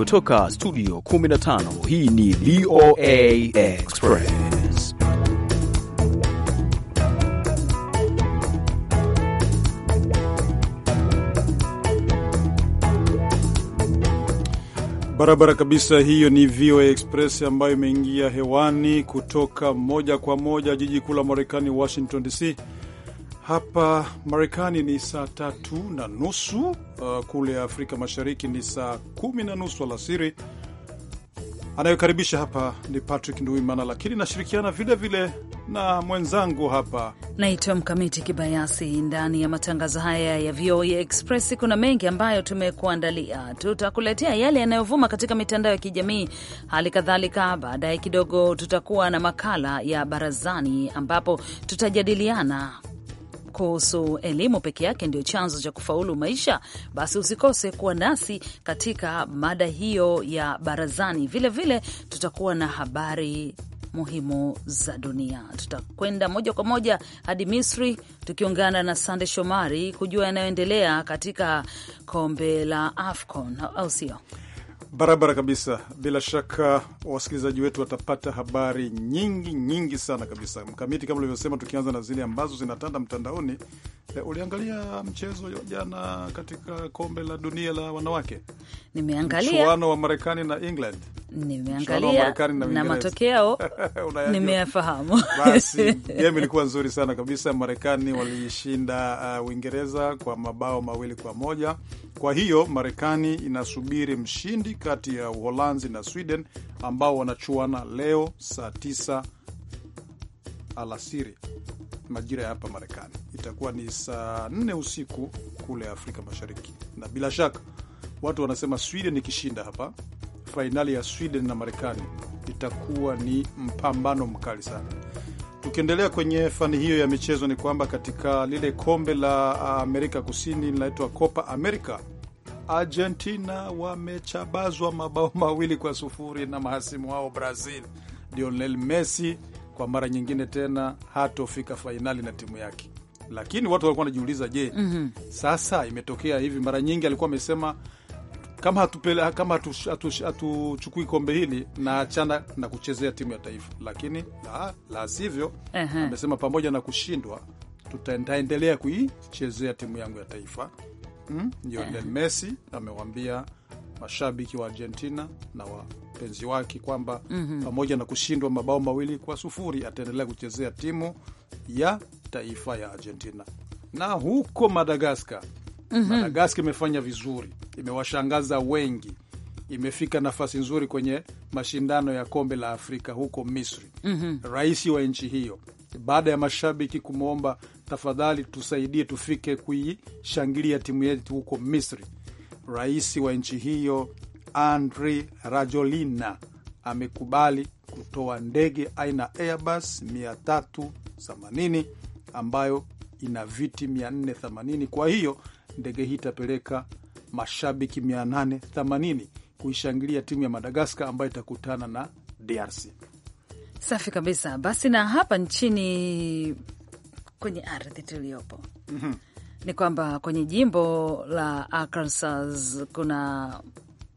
kutoka studio 15 hii ni VOA Express. Barabara kabisa, hiyo ni VOA Express ambayo imeingia hewani kutoka moja kwa moja jiji kuu la Marekani, Washington DC. Hapa Marekani ni saa tatu na nusu, uh, kule Afrika Mashariki ni saa kumi na nusu alasiri. Anayokaribisha hapa ni Patrick Nduimana, lakini nashirikiana vilevile na mwenzangu hapa naitwa Mkamiti Kibayasi. Ndani ya matangazo haya ya VOA Express kuna mengi ambayo tumekuandalia. Tutakuletea yale yanayovuma katika mitandao ya kijamii, hali kadhalika baadaye kidogo tutakuwa na makala ya barazani, ambapo tutajadiliana kuhusu elimu peke yake ndio chanzo cha kufaulu maisha, basi usikose kuwa nasi katika mada hiyo ya barazani. Vilevile vile, tutakuwa na habari muhimu za dunia. Tutakwenda moja kwa moja hadi Misri tukiungana na Sande Shomari kujua yanayoendelea katika kombe la AFCON, au sio? Barabara kabisa. Bila shaka wasikilizaji wetu watapata habari nyingi nyingi sana kabisa, Mkamiti, kama ulivyosema, tukianza na zile ambazo zinatanda mtandaoni Eh, uliangalia mchezo jana katika kombe la dunia la wanawake? Nimeangalia mchuano wa Marekani na England, nimeangalia na, na matokeo nimeyafahamu. Basi game ilikuwa nzuri sana kabisa. Marekani waliishinda uh, Uingereza kwa mabao mawili kwa moja. Kwa hiyo Marekani inasubiri mshindi kati ya Uholanzi na Sweden ambao wanachuana leo saa tisa alasiri majira ya hapa Marekani, itakuwa ni saa nne usiku kule Afrika Mashariki. Na bila shaka watu wanasema Sweden ikishinda hapa, fainali ya Sweden na Marekani itakuwa ni mpambano mkali sana. Tukiendelea kwenye fani hiyo ya michezo, ni kwamba katika lile kombe la Amerika Kusini linaitwa Copa America, Argentina wamechabazwa mabao mawili kwa sufuri na mahasimu wao Brazil. Lionel Messi kwa mara nyingine tena hatofika fainali na timu yake. Lakini watu walikuwa wanajiuliza je, mm -hmm. Sasa imetokea hivi, mara nyingi alikuwa amesema kama hatupele, kama hatuchukui hatu, hatu, kombe hili na achana na kuchezea timu ya taifa, lakini la, la sivyo uh -huh. amesema pamoja na kushindwa tutaendelea kuichezea timu yangu ya taifa mm, Lionel uh eh. -huh. Messi amewambia mashabiki wa Argentina na wa mpenzi wake kwamba mm -hmm. pamoja na kushindwa mabao mawili kwa sufuri ataendelea kuchezea timu ya taifa ya Argentina. Na huko Madagaskar, mm -hmm. Madagaskar imefanya vizuri, imewashangaza wengi, imefika nafasi nzuri kwenye mashindano ya kombe la Afrika huko Misri. mm -hmm. Rais wa nchi hiyo baada ya mashabiki kumwomba tafadhali, tusaidie tufike kuishangilia timu yetu huko Misri, rais wa nchi hiyo andri rajolina amekubali kutoa ndege aina Airbus 380 ambayo ina viti 480. Kwa hiyo ndege hii itapeleka mashabiki 880 kuishangilia timu ya Madagaskar ambayo itakutana na DRC. Safi kabisa. Basi na hapa nchini kwenye ardhi tuliyopo mm -hmm. ni kwamba kwenye jimbo la Arkansas kuna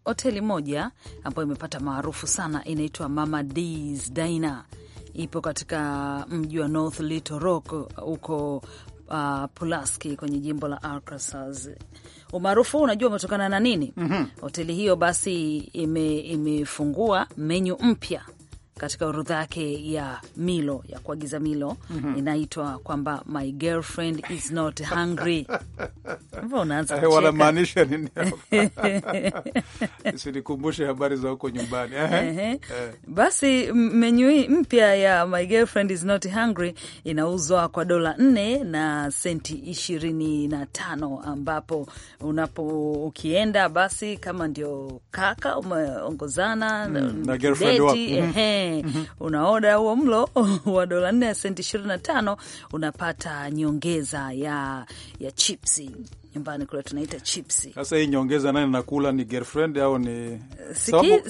hoteli moja ambayo imepata maarufu sana inaitwa Mama D's Diner, ipo katika mji wa North Little Rock huko Uh, Pulaski kwenye jimbo la Arkansas. Umaarufu huu unajua umetokana na nini? mm -hmm. Hoteli hiyo basi imefungua ime menyu mpya katika orodha yake ya milo ya kuagiza milo mm -hmm. inaitwa kwamba my girlfriend is not hungry. unaanza eh, Wanamaanisha nini? Usinikumbushe habari za huko nyumbani. Eh. Basi menyu mpya ya my girlfriend is not hungry inauzwa kwa dola nne na senti ishirini na tano ambapo unapo ukienda basi kama ndio kaka umeongozana mm, na mm, girlfriend wako mm-hmm. -hmm. unaoda huo mlo wa dola nne ya senti ishirini na tano unapata nyongeza ya, ya chipsi nyumbani kule tunaita chipsi. Sasa hii nyongeza nani nakula ni girlfriend au ni sikiliza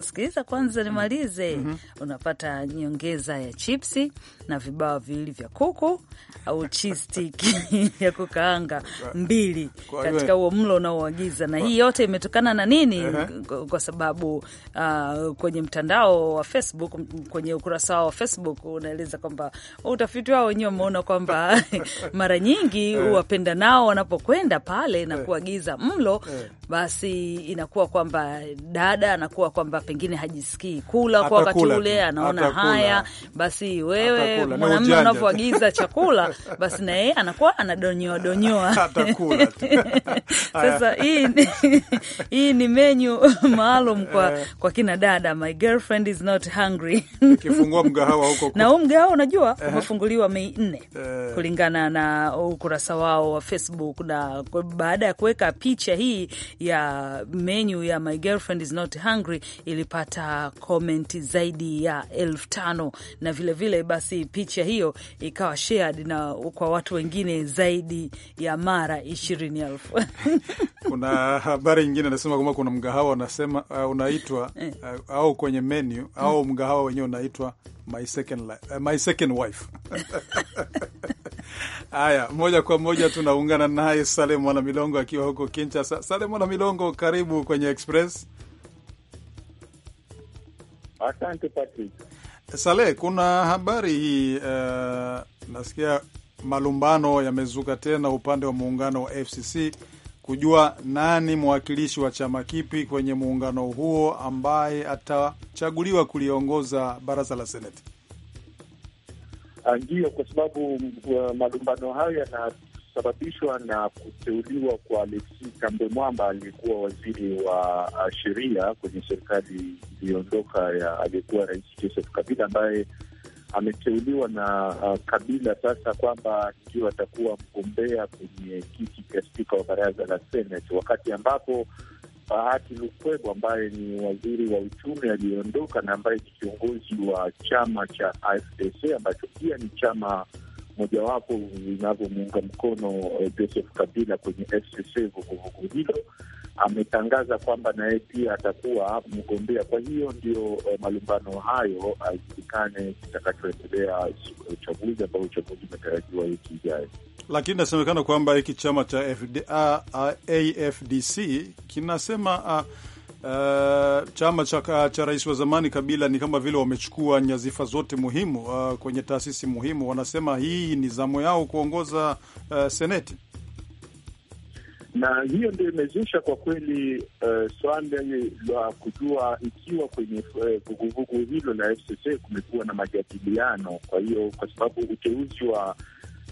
sikiza, kwanza nimalize. mm -hmm. Unapata nyongeza ya chipsi na vibao viwili vya kuku au chistiki ya kukaanga mbili katika huo mlo unaoagiza, na hii yote imetokana na nini? uh -huh. Kwa sababu uh, kwenye mtandao wa Facebook, kwenye ukurasa wao wa Facebook unaeleza kwamba utafiti wao wenyewe umeona kwamba mara nyingi eh. wapenda nao wanapokwenda pale na eh. kuagiza mlo, eh. basi inakuwa kwamba dada anakuwa kwamba pengine hajisikii kula kwa wakati ule, anaona haya, basi wewe mwanamume unavyoagiza chakula, basi na yeye anakuwa anadonyoa donyoa. Sasa hii ni menyu maalum kwa, kwa kina dada dada, my girlfriend is not hungry ukifungua mgahawa huko na huu mgahawa unajua umefunguliwa Mei nne eh. kulingana na ukurasa wao wa Facebook, na baada ya kuweka picha hii ya menu ya my girlfriend is not hungry ilipata komenti zaidi ya elfu tano na vilevile vile basi picha hiyo ikawa shared na kwa watu wengine zaidi ya mara ishirini elfu kuna habari nyingine anasema kwamba kuna mgahawa unasema uh, unaitwa eh. uh, au kwenye menu au mgahawa wenyewe unaitwa my second life, eh, my second wife. Haya, moja kwa moja tunaungana naye Salem Mwana Milongo akiwa huko Kinshasa. Salem Mwana Milongo, karibu kwenye Express. Asante Patrick. Sale, kuna habari hii uh, nasikia malumbano yamezuka tena upande wa muungano wa FCC kujua nani mwakilishi wa chama kipi kwenye muungano huo ambaye atachaguliwa kuliongoza baraza la seneti. Ah, Ndiyo, kwa sababu uh, malumbano hayo yanasababishwa na kuteuliwa kwa Alexi Kambe Mwamba, aliyekuwa waziri wa uh, sheria kwenye serikali iliyoondoka ya aliyekuwa Rais Joseph Kabila, ambaye ameteuliwa na uh, Kabila sasa kwamba ndio atakuwa mgombea kwenye kiti cha spika wa baraza la Senate, wakati ambapo Bahati Lukwebo ambaye ni waziri wa uchumi aliyeondoka na ambaye ni kiongozi wa chama cha AFDC ambacho pia ni chama mojawapo vinavyomuunga mkono eh, Joseph Kabila kwenye FCC vuguvugu hilo ametangaza kwamba naye pia atakuwa mgombea. Kwa hiyo ndio eh, malumbano hayo aijulikane kitakachoendelea uchaguzi ambao uchaguzi umetarajiwa wiki ijayo, lakini inasemekana kwamba hiki chama cha FDA, ah, ah, AFDC kinasema uh, Uh, chama cha, cha rais wa zamani Kabila ni kama vile wamechukua nyazifa zote muhimu uh, kwenye taasisi muhimu. Wanasema hii ni zamu yao kuongoza uh, seneti na hiyo ndio imezusha kwa kweli uh, eh, swala la kujua ikiwa kwenye eh, vuguvugu uh, hilo la FCC kumekuwa na majadiliano. Kwa hiyo kwa sababu uteuzi wa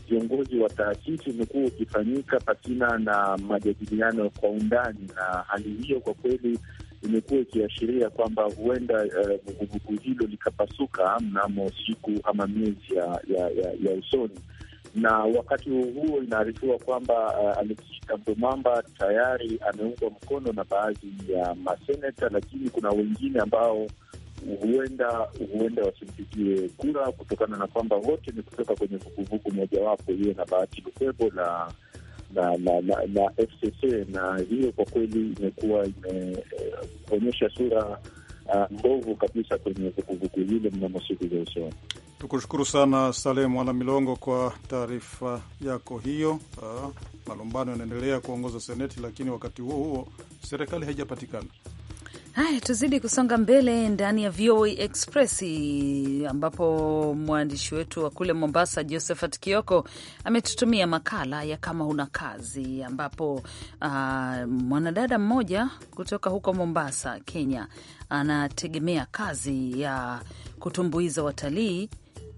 viongozi wa taasisi umekuwa ukifanyika pasina na majadiliano kwa undani, na hali hiyo kwa kweli imekuwa ikiashiria kwamba huenda eh, vuguvugu uh, hilo likapasuka mnamo siku ama miezi ya, ya, ya, ya usoni na wakati huo inaarifiwa kwamba uh, Aleksii Kamtomamba tayari ameungwa mkono na baadhi ya maseneta, lakini kuna wengine ambao huenda huenda wasimpigie kura kutokana na kwamba wote ni kutoka kwenye vuguvugu mojawapo, hiyo na Bahati Lukwebo la la, la, la, la FCC na hiyo kwa kweli imekuwa imeonyesha sura uh, mbovu kabisa kwenye vuguvugu hile mnamo siku za usoni. Tukushukuru sana Saleh Mwana Milongo kwa taarifa yako hiyo. Uh, malumbano yanaendelea kuongoza Seneti, lakini wakati huo huo serikali haijapatikana. Haya, tuzidi kusonga mbele ndani ya VOA Express, ambapo mwandishi wetu wa kule Mombasa, Josephat Kioko, ametutumia makala ya kama huna kazi, ambapo uh, mwanadada mmoja kutoka huko Mombasa, Kenya, anategemea kazi ya kutumbuiza watalii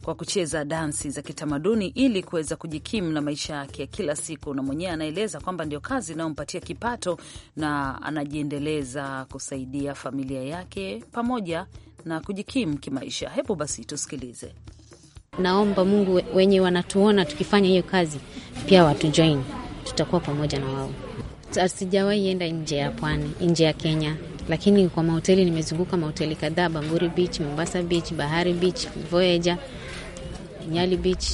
kwa kucheza dansi za kitamaduni ili kuweza kujikimu na maisha yake ya kila siku, na mwenyewe anaeleza kwamba ndio kazi inayompatia kipato na anajiendeleza kusaidia familia yake pamoja na kujikimu kimaisha. Hebu basi tusikilize. Naomba Mungu wenye wanatuona tukifanya hiyo kazi pia watujoin, tutakuwa pamoja na wao. Sijawahi enda nje ya pwani, nje ya Kenya, lakini kwa mahoteli nimezunguka mahoteli kadhaa, Bamburi Beach, Mombasa Beach, Bahari Beach, Voyager Nyali Beach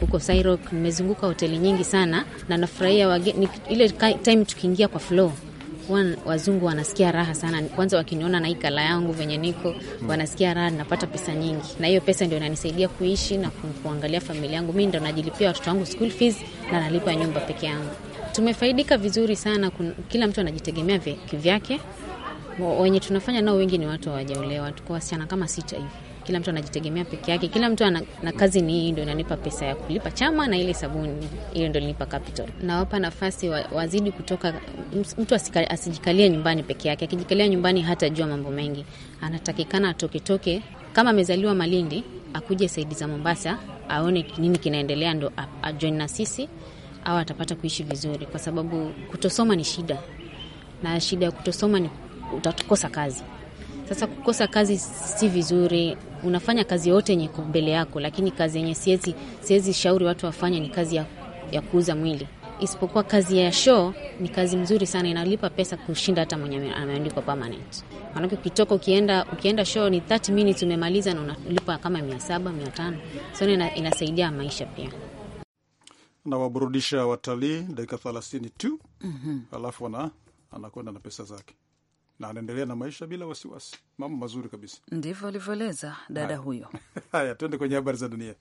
huko Sairok. Nimezunguka hoteli nyingi sana na nafurahia wageni. Ile time tukiingia kwa flow Wan, wazungu wanasikia raha sana kwanza, wakiniona na hii kala yangu venye niko, hmm, wanasikia raha, napata pesa nyingi, na hiyo pesa ndio inanisaidia kuishi na kuangalia familia yangu. Mi ndo najilipia watoto wangu school fees na nalipa nyumba peke yangu. Tumefaidika vizuri sana kun, kila mtu anajitegemea kivyake. Wenye tunafanya nao wengi ni watu hawajaolewa, tuko wasichana kama sita hivi kila mtu anajitegemea peke yake, kila mtu ana, na kazi ni hii, ndio inanipa pesa ya kulipa chama na ile sabuni, hiyo ndio inanipa capital. Nawapa nafasi wa, wazidi kutoka, mtu asijikalie nyumbani peke yake. Akijikalia nyumbani hatajua mambo mengi, anatakikana atoketoke. Kama amezaliwa Malindi, akuje Saidi za Mombasa aone nini kinaendelea, ndo ajoin na sisi au atapata kuishi vizuri, kwa sababu kutosoma ni shida, na shida ya kutosoma ni utakosa kazi. Sasa kukosa kazi si vizuri. Unafanya kazi yote yenye mbele yako, lakini kazi yenye siwezi siwezi shauri watu wafanye ni kazi ya, ya kuuza mwili, isipokuwa kazi ya show ni kazi mzuri sana, inalipa pesa kushinda hata mwenye ameandikwa permanent. Maanake ukitoka ukienda, ukienda show ni 30 minutes umemaliza, na unalipa kama mia saba mia tano so ina, inasaidia maisha pia nawaburudisha watalii dakika thelathini tu mm -hmm. Alafu anakwenda na pesa zake na anaendelea na maisha bila wasiwasi. Mambo mazuri kabisa, ndivyo alivyoeleza dada huyo. Haya, tuende kwenye habari za dunia.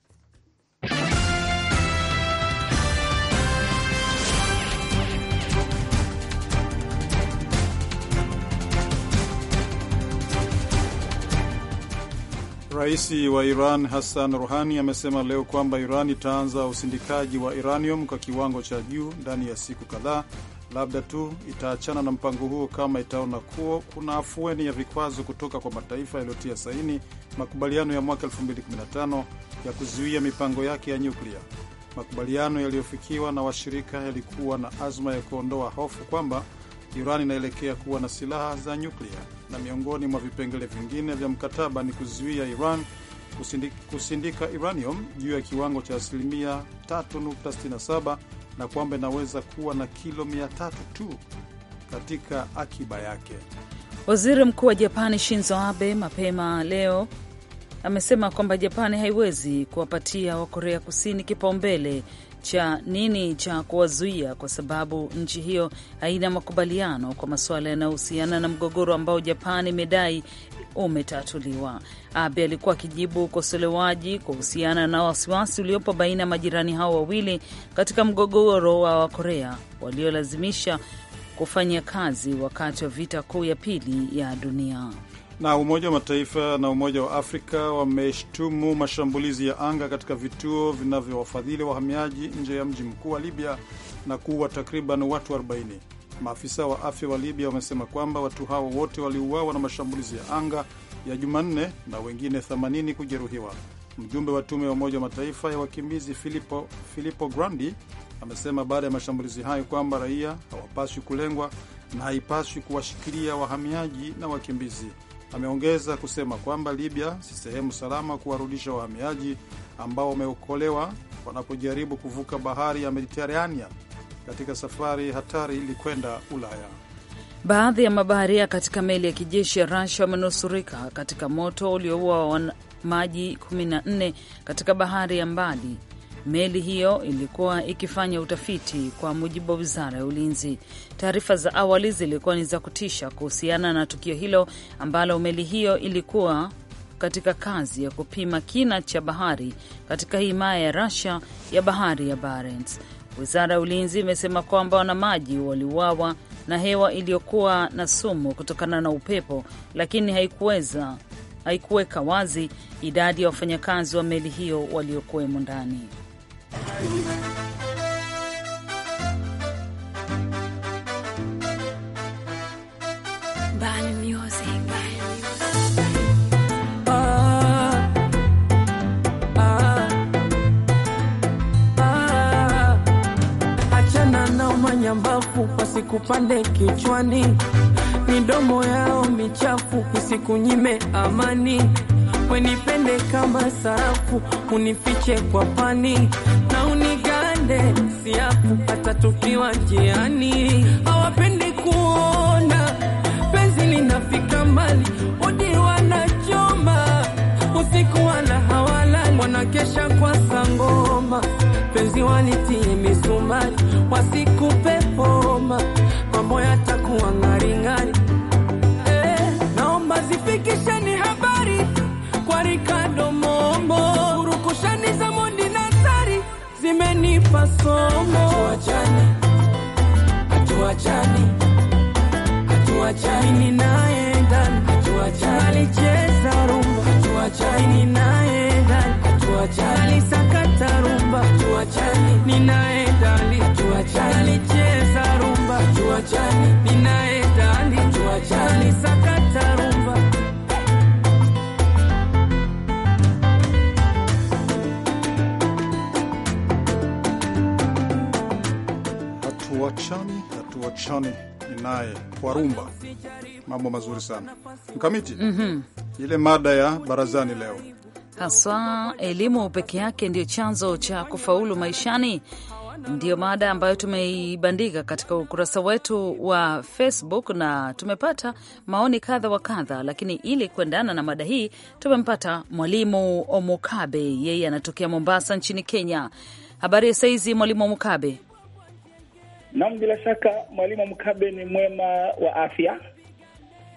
Rais wa Iran Hassan Rouhani amesema leo kwamba Iran itaanza usindikaji wa iranium kwa kiwango cha juu ndani ya siku kadhaa Labda tu itaachana na mpango huo kama itaona kuwa kuna afueni ya vikwazo kutoka kwa mataifa yaliyotia saini makubaliano ya mwaka 2015 ya kuzuia mipango yake ya nyuklia. Makubaliano yaliyofikiwa na washirika yalikuwa na azma ya kuondoa hofu kwamba Iran inaelekea kuwa na silaha za nyuklia, na miongoni mwa vipengele vingine vya mkataba ni kuzuia Iran kusindika uranium juu ya kiwango cha asilimia 3.67 na kwamba inaweza kuwa na kilo mia tatu tu katika akiba yake. Waziri Mkuu wa Japani Shinzo Abe mapema leo amesema kwamba Japani haiwezi kuwapatia Wakorea Kusini kipaumbele cha nini cha kuwazuia, kwa sababu nchi hiyo haina makubaliano kwa masuala yanayohusiana na mgogoro ambao japani imedai umetatuliwa. Abe alikuwa akijibu ukosolewaji kuhusiana na wasiwasi uliopo baina ya majirani hao wawili katika mgogoro wa Wakorea waliolazimisha kufanya kazi wakati wa vita kuu ya pili ya dunia. Na Umoja wa Mataifa na Umoja wa Afrika wameshtumu mashambulizi ya anga katika vituo vinavyowafadhili wahamiaji nje ya mji mkuu wa Libya na kuua takriban watu 40. Maafisa wa afya wa Libya wamesema kwamba watu hao wote waliuawa na mashambulizi ya anga ya Jumanne na wengine 80 kujeruhiwa. Mjumbe wa tume ya Umoja wa Mataifa ya wakimbizi Filippo, Filippo Grandi amesema baada ya mashambulizi hayo kwamba raia hawapaswi kulengwa na haipaswi kuwashikilia wahamiaji na wakimbizi. Ameongeza kusema kwamba Libya si sehemu salama kuwarudisha wahamiaji ambao wameokolewa wanapojaribu kuvuka bahari ya Mediterania katika safari hatari ili kwenda Ulaya. Baadhi ya mabaharia katika meli ya kijeshi ya Russia wamenusurika katika moto ulioua maji 14 katika bahari ya mbali Meli hiyo ilikuwa ikifanya utafiti, kwa mujibu wa wizara ya ulinzi. Taarifa za awali zilikuwa ni za kutisha kuhusiana na tukio hilo ambalo meli hiyo ilikuwa katika kazi ya kupima kina cha bahari katika himaya ya Russia ya bahari ya Barents. Wizara ya ulinzi imesema kwamba wanamaji waliuawa na hewa iliyokuwa na sumu kutokana na upepo, lakini haikuweza haikuweka wazi idadi ya wafanyakazi wa meli hiyo waliokuwemo ndani. Ah, ah, ah. Kupande kichwani, midomo yao michafu, usikunyime amani, wenipende kama sarafu, unifiche kwa pani upande siafu hata tukiwa njiani, hawapendi kuona penzi linafika mbali, udi wanachoma usiku, wala hawalali, wanakesha kwa sangoma, penzi walitie misumari, wasiku pepoma, mambo yatakuwa ng'aring'ari. Eh, naomba zifikishe umenipa somo, mimi naenda alicheza rumba, mimi naenda alisakata rumba, mimi naenda alicheza rumba, mimi naenda alisakata rumba tuachane, hatua chani inaye kwa rumba, mambo mazuri sana mkamiti. mm -hmm. Ile mada ya barazani leo haswa, elimu peke yake ndio chanzo cha kufaulu maishani, ndiyo mada ambayo tumeibandika katika ukurasa wetu wa Facebook na tumepata maoni kadha wa kadha, lakini ili kuendana na mada hii tumempata mwalimu Omukabe, yeye anatokea Mombasa nchini Kenya. Habari ya saizi, mwalimu Omukabe? Naam, bila shaka Mwalimu Mkabe ni mwema wa afya.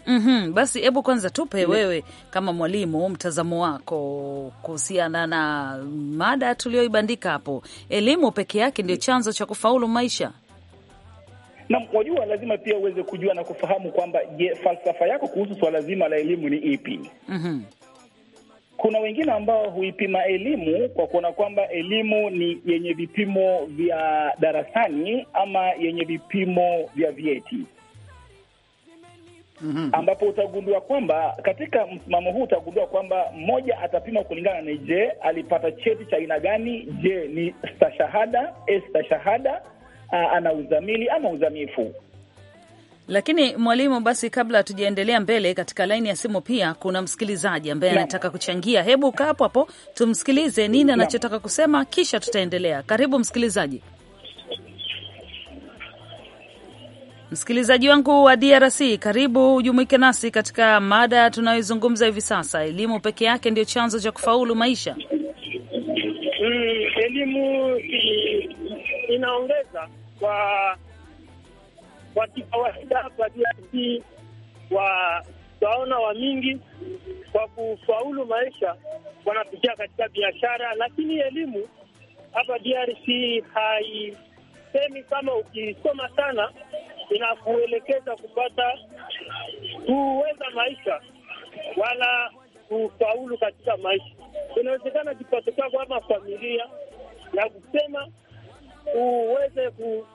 Mm -hmm. Basi hebu kwanza tupe mm Wewe kama mwalimu, mtazamo wako kuhusiana na mada tuliyoibandika hapo, elimu peke yake ndio chanzo cha kufaulu maisha? Na wajua, lazima pia uweze kujua na kufahamu kwamba, je, falsafa yako kuhusu swala zima la elimu ni ipi? mm -hmm. Kuna wengine ambao huipima elimu kwa kuona kwamba elimu ni yenye vipimo vya darasani ama yenye vipimo vya vyeti. Mm -hmm. Ambapo utagundua kwamba katika msimamo huu utagundua kwamba mmoja atapima kulingana na je, alipata cheti cha aina gani? Je, ni stashahada, stashahada, ana uzamili ama uzamifu lakini mwalimu, basi kabla hatujaendelea mbele, katika laini ya simu pia kuna msikilizaji ambaye anataka kuchangia. Hebu kaa hapo hapo tumsikilize nini anachotaka kusema, kisha tutaendelea. Karibu msikilizaji. Msikilizaji wangu wa DRC, karibu ujumuike nasi katika mada tunayoizungumza hivi sasa. Elimu peke yake ndio chanzo cha kufaulu maisha? Mm, elimu inaongeza kwa kwa kikawaida hapa DRC wa twaona wa mingi kwa kufaulu maisha wanapitia katika biashara, lakini elimu hapa DRC haisemi kama ukisoma sana inakuelekeza kupata kuweza maisha wala kufaulu katika maisha. Inawezekana kipato chako ama familia na kusema uweze ku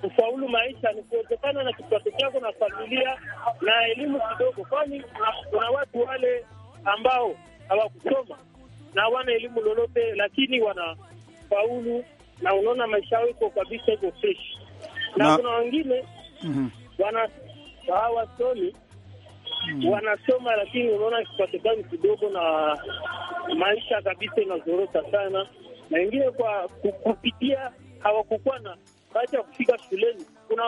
kufaulu maisha ni kuwezekana na kipato chako na familia na elimu kidogo, kwani kuna watu wale ambao hawakusoma na hawana elimu lolote, lakini wanafaulu na unaona maisha yao iko kabisa iko fresh, na kuna wengine mm -hmm. wana hawasomi -hmm. wanasoma, lakini unaona kipato chao kidogo na maisha kabisa inazorota sana, na wengine kwa kupitia hawakukuwa na baada ya kufika shuleni kuna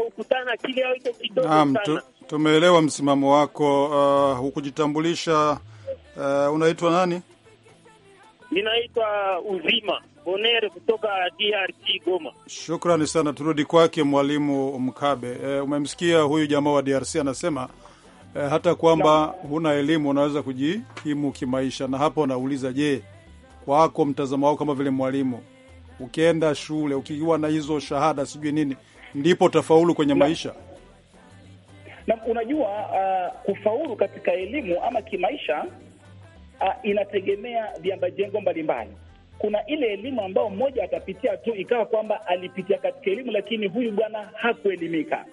kukutana kidogo sana. Tumeelewa msimamo wako. Uh, hukujitambulisha. Uh, unaitwa nani? Ninaitwa Uzima Bonere kutoka DRC Goma. Shukrani sana, turudi kwake Mwalimu Mkabe. Uh, umemsikia huyu jamaa wa DRC anasema uh, hata kwamba huna elimu unaweza kujikimu kimaisha, na hapo anauliza, je, kwako mtazamo wako kama vile mwalimu ukienda shule, ukiwa na hizo shahada sijui nini, ndipo utafaulu kwenye na maisha. Na unajua uh, kufaulu katika elimu ama kimaisha uh, inategemea viambajengo mbalimbali. Kuna ile elimu ambayo mmoja atapitia tu ikawa kwamba alipitia katika elimu, lakini huyu bwana hakuelimika,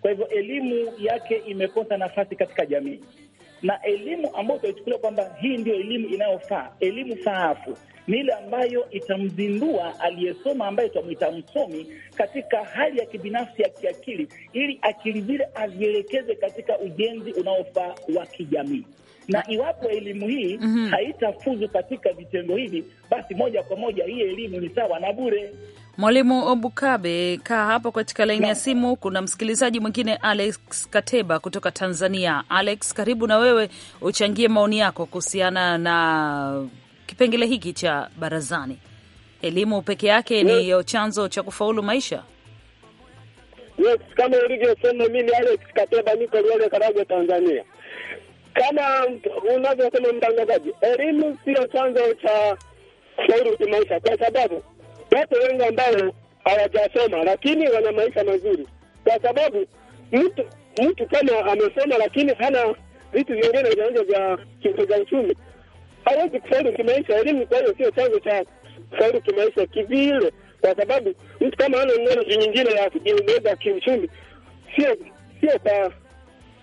kwa hivyo elimu yake imekosa nafasi katika jamii na elimu ambayo utaichukulia kwamba hii ndio elimu inayofaa, elimu faafu, ni ile ambayo itamzindua aliyesoma, ambaye tutamwita msomi, katika hali ya kibinafsi ya kiakili, ili akili zile azielekeze katika ujenzi unaofaa wa kijamii na iwapo elimu hii mm -hmm. haitafuzu katika vitengo hivi, basi moja kwa moja hii elimu ni sawa na bure. Mwalimu Obukabe, kaa hapo katika laini ya simu. Kuna msikilizaji mwingine Alex Kateba kutoka Tanzania. Alex, karibu na wewe uchangie maoni yako kuhusiana na kipengele hiki cha barazani, elimu peke yake ndiyo chanzo cha kufaulu maisha? Yes, kama ulivyosema, mimi Alex Kateba niko Liole, Karagwe, Tanzania. Kama unavyosema mtangazaji, elimu sio chanzo cha kufaulu kimaisha, kwa sababu watu wengi ambao hawajasoma lakini wana maisha mazuri, kwa sababu mtu mtu kama amesoma lakini hana vitu vingine vya nje vya uchumi hawezi kufaulu kimaisha. Elimu kwa hiyo sio chanzo cha kufaulu kimaisha kivile, kwa sababu mtu kama ana neno nyingine ya kujiongeza kiuchumi, sio sio kwa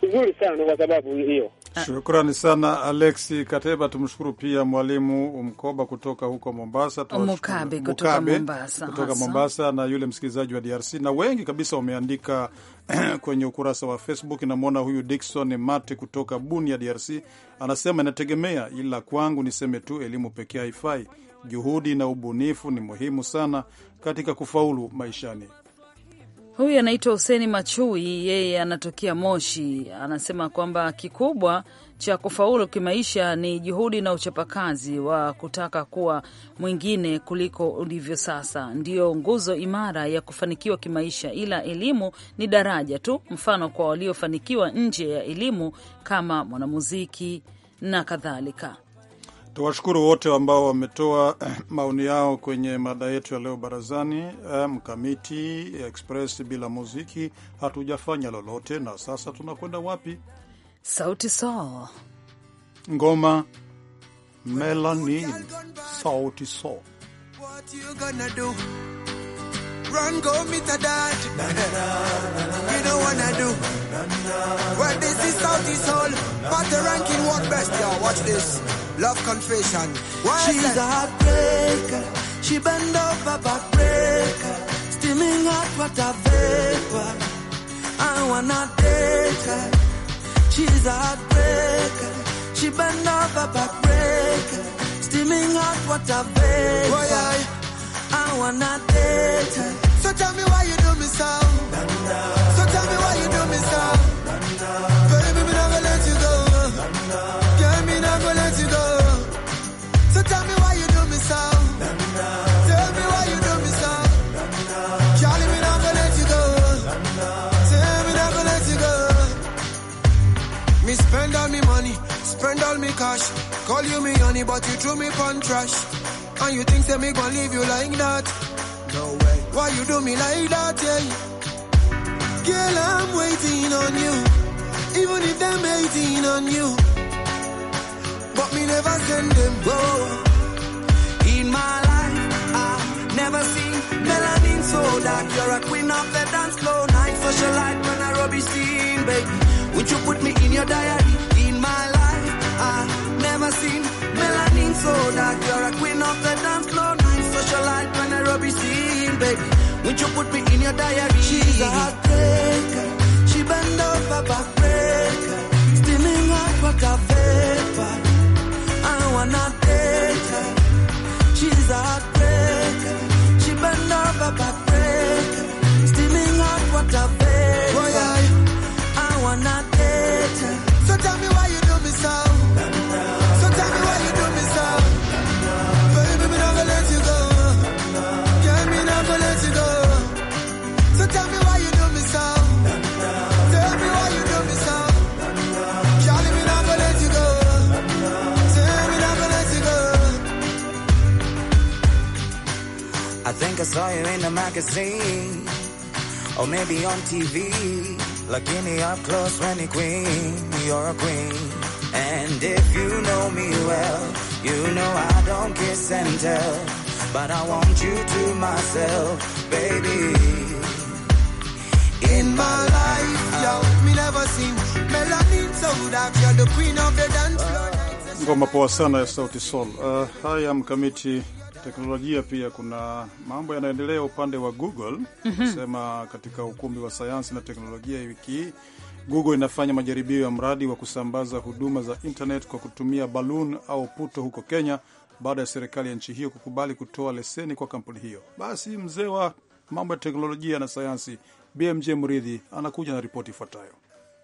vizuri sana, kwa sababu hiyo. Ah. Shukrani sana Alexi Kateba. Tumshukuru pia mwalimu Mkoba kutoka huko Mombasa, Mkabe kutoka Mombasa, kutoka Mombasa, na yule msikilizaji wa DRC na wengi kabisa wameandika kwenye ukurasa wa Facebook. Namwona huyu Dikson Mate kutoka ya DRC, anasema inategemea, ila kwangu niseme tu elimu pekee haifai. Juhudi na ubunifu ni muhimu sana katika kufaulu maishani. Huyu anaitwa Huseni Machui, yeye anatokea Moshi, anasema kwamba kikubwa cha kufaulu kimaisha ni juhudi na uchapakazi wa kutaka kuwa mwingine kuliko ulivyo sasa, ndiyo nguzo imara ya kufanikiwa kimaisha, ila elimu ni daraja tu. Mfano kwa waliofanikiwa nje ya elimu kama mwanamuziki na kadhalika. Tuwashukuru wote ambao wametoa eh, maoni yao kwenye mada yetu ya leo barazani. Eh, Mkamiti Express, bila muziki hatujafanya lolote. Na sasa tunakwenda wapi? Sauti Sol, ngoma Melanin, Sauti Sol. What you gonna do? Run go meet the dad. You not wanna do. Well, this is Sauti Sol, but the ranking what best, yeah. Watch this. Love confession. Why She's a heartbreaker. She bend over breaker. Steaming hot, what a vapor. I wanna take her. She's a heartbreaker. She bend over backbreaker. Steaming hot water vapor. Boy, I, I wanna date her. So tell me why you do me so. Down, down. Call you me honey, but you threw me on trash. And you think that me gonna leave you like that? No way. Why you do me like that, yeah? Girl, I'm waiting on you. Even if them waiting on you. But me never send them go. In my life, I've never seen melanin so dark. You're a queen of the dance floor. Night socialite when I rub scene, baby. Would you put me in your diary? In my life, I never seen. Melanin so dark, you're a queen of the dance floor. Nine socialite when Nairobi scene, baby. will you put me in your diary? She's a heartbreaker. She bend over backbreaker. Steaming up like a vapor. I wanna take her. She's a heartbreaker. She bend over backbreaker. Steaming up like a vapor. I wanna take her. So tell me why you saw you in the magazine, or maybe on TV. me up close when you queen, you're a queen. And if you know me well, you know I don't kiss and tell. But I want you to myself, baby. In my life, yo, me never seen melanin so dark. You're the queen of the dance. Ngoma poa sana ya Sauti Sol. Uh, haya mkamiti teknolojia pia kuna mambo yanaendelea upande wa Google kusema mhm. mm -hmm. Katika ukumbi wa sayansi na teknolojia wiki hii Google inafanya majaribio ya mradi wa kusambaza huduma za internet kwa kutumia balun au puto huko Kenya, baada ya serikali ya nchi hiyo kukubali kutoa leseni kwa kampuni hiyo. Basi mzee wa mambo ya teknolojia na sayansi BMJ Mridhi anakuja na ripoti ifuatayo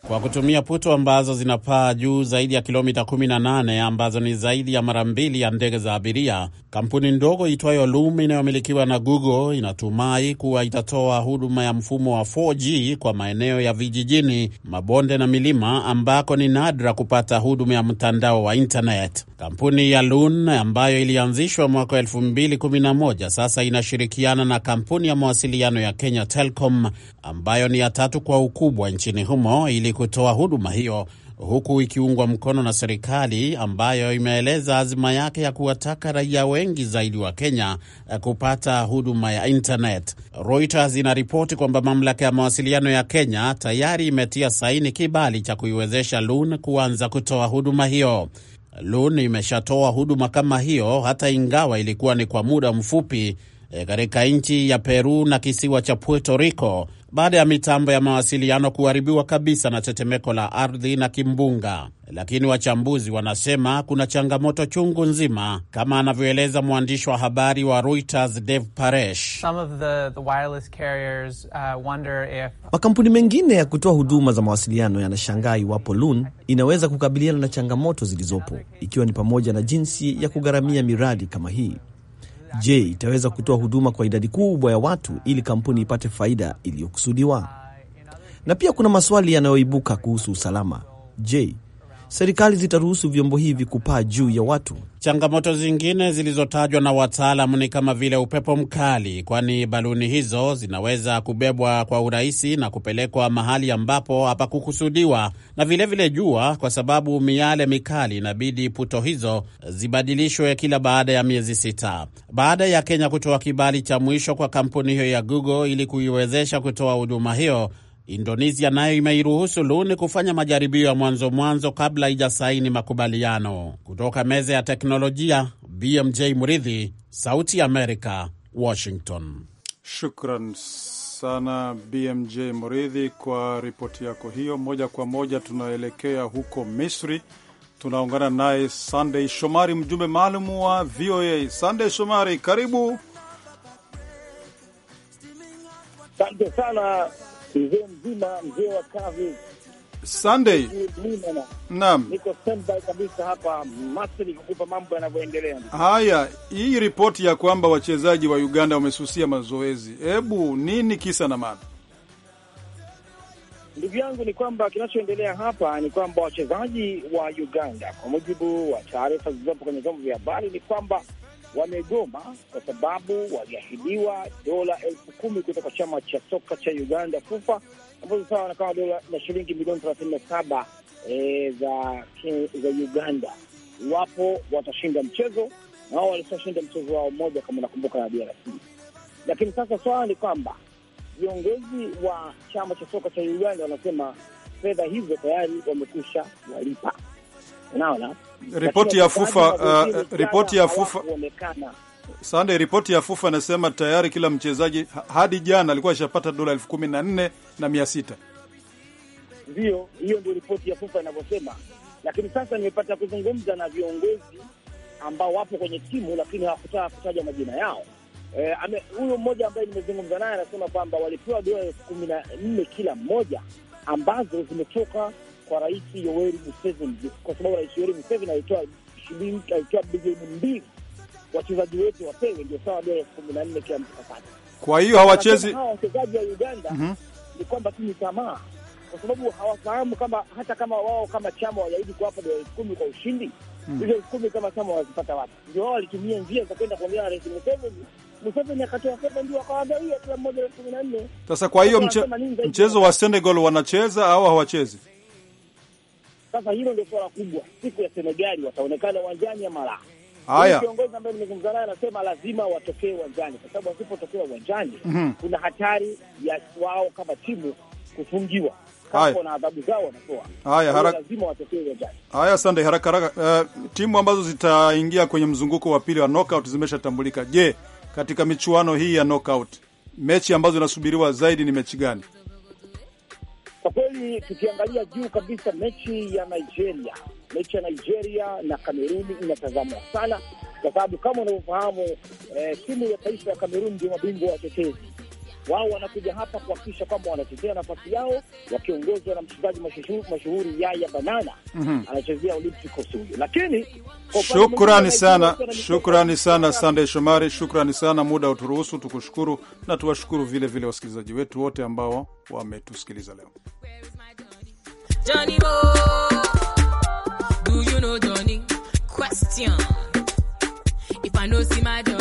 kwa kutumia puto ambazo zinapaa juu zaidi ya kilomita 18 ambazo ni zaidi ya mara mbili ya ndege za abiria. Kampuni ndogo itwayo Loom inayomilikiwa na Google inatumai kuwa itatoa huduma ya mfumo wa 4G kwa maeneo ya vijijini, mabonde na milima ambako ni nadra kupata huduma ya mtandao wa internet. Kampuni ya Loon ambayo ilianzishwa mwaka 2011 sasa inashirikiana na kampuni ya mawasiliano ya Kenya Telcom ambayo ni ya tatu kwa ukubwa nchini humo ili kutoa huduma hiyo huku ikiungwa mkono na serikali ambayo imeeleza azima yake ya kuwataka raia wengi zaidi wa Kenya eh, kupata huduma ya internet. Reuters inaripoti kwamba mamlaka ya mawasiliano ya Kenya tayari imetia saini kibali cha kuiwezesha Loon kuanza kutoa huduma hiyo. Loon imeshatoa huduma kama hiyo hata ingawa ilikuwa ni kwa muda mfupi eh, katika nchi ya Peru na kisiwa cha Puerto Rico baada ya mitambo ya mawasiliano kuharibiwa kabisa na tetemeko la ardhi na kimbunga. Lakini wachambuzi wanasema kuna changamoto chungu nzima, kama anavyoeleza mwandishi wa habari wa Reuters Dave Paresh. Uh, Makampuni uh, if... mengine ya kutoa huduma za mawasiliano yanashangaa iwapo Loon inaweza kukabiliana na changamoto zilizopo, ikiwa ni pamoja na jinsi ya kugharamia miradi kama hii. Je, itaweza kutoa huduma kwa idadi kubwa ya watu ili kampuni ipate faida iliyokusudiwa? Na pia kuna maswali yanayoibuka kuhusu usalama. Je, serikali zitaruhusu vyombo hivi kupaa juu ya watu. Changamoto zingine zilizotajwa na wataalamu ni kama vile upepo mkali, kwani baluni hizo zinaweza kubebwa kwa urahisi na kupelekwa mahali ambapo hapakukusudiwa, na vilevile vile jua, kwa sababu miale mikali inabidi puto hizo zibadilishwe kila baada ya miezi sita. Baada ya Kenya kutoa kibali cha mwisho kwa kampuni hiyo ya Google ili kuiwezesha kutoa huduma hiyo, Indonesia nayo imeiruhusu luni kufanya majaribio ya mwanzo mwanzo kabla ijasaini makubaliano. Kutoka meza ya teknolojia, BMJ mridhi Sauti ya Amerika, Washington. Shukran sana BMJ mridhi kwa ripoti yako hiyo. Moja kwa moja tunaelekea huko Misri, tunaungana naye Sandey Shomari, mjumbe maalum wa VOA. Sandey Shomari, karibu. Asante sana mzee mzima, mzee wa kazi Sunday. Naam, niko standby kabisa hapa Masri kukupa mambo yanavyoendelea. Haya, hii ripoti ya kwamba wachezaji wa Uganda wamesusia mazoezi, hebu nini kisa na maana? Ndugu yangu, ni kwamba kinachoendelea hapa ni kwamba wachezaji wa Uganda, kwa mujibu wa taarifa zilizopo kwenye vyombo vya habari, ni kwamba wamegoma kwa sababu waliahidiwa dola elfu kumi kutoka chama cha soka cha Uganda FUFA, ambazo na kama dola na shilingi milioni thelathini na saba e, za, za Uganda iwapo watashinda mchezo, na wao walishashinda mchezo wao mmoja kama unakumbuka, na DRC. Lakini sasa swala ni kwamba viongozi wa chama cha soka cha Uganda wanasema fedha hizo tayari wamekusha walipa, unaona Ripoti ya FUFA uh, uh ripoti ya FUFA Sunday, ripoti ya FUFA nasema tayari kila mchezaji hadi jana alikuwa ashapata dola elfu kumi na nne na mia sita. Ndio, hiyo ndio ripoti ya FUFA inavyosema, lakini sasa nimepata kuzungumza na viongozi ambao wapo kwenye timu lakini hawakutaka kutaja majina yao. Eh, huyo e, mmoja ambaye nimezungumza naye anasema kwamba walipewa dola elfu kumi na nne kila mmoja ambazo zimetoka kwa Rais Yoweri Museveni, kwa sababu Rais Yoweri Museveni alitoa shilingi alitoa bilioni mbili wachezaji wetu wapewe, ndio sawa dola elfu kumi na nne kila mtu kapata. Kwa hiyo hawachezi hawa wachezaji wa Uganda mm -hmm. Ni kwamba tu ni tamaa, kwa sababu hawafahamu kama hata kama wao kama chama wajaidi kuwapa dola elfu kumi kwa ushindi mm. hizo elfu kumi kama chama wazipata wapi? Ndio wao walitumia njia za kwenda kuongea na Rais Museveni. Sasa kwa hiyo mche, mchezo wa Senegal wanacheza au hawachezi? Sasa hilo ndio swala kubwa, siku ya Senegali wataonekana uwanjani ama la? Haya, kiongozi ambaye nimezungumza naye anasema lazima watokee uwanjani, kwa sababu wasipotokea uwanjani mm -hmm. kuna hatari ya wao kama timu kufungiwa. Haya, haraka haya, Sunday, haraka haraka. Uh, timu ambazo zitaingia kwenye mzunguko wa pili wa knockout zimeshatambulika. Je, katika michuano hii ya knockout mechi ambazo inasubiriwa zaidi ni mechi gani? Kwa kweli tukiangalia juu kabisa, mechi ya Nigeria, mechi ya Nigeria na Kameruni inatazamwa sana, kwa sababu kama unavyofahamu eh, timu ya taifa ya Kameruni ndio mabingwa watetezi wao wanakuja hapa kuhakikisha kwamba wanachezea nafasi yao, wakiongozwa na mchezaji mashuhuri Yaya Banana mm -hmm. anachezea Olympiacos huyo. Lakini shukrani sana, shukrani sana Sandey Shomari, shukrani sana. Muda uturuhusu tukushukuru na tuwashukuru vile vile wasikilizaji wetu wote ambao wametusikiliza leo. Johnny do you know Johnny? Question. If I know, see my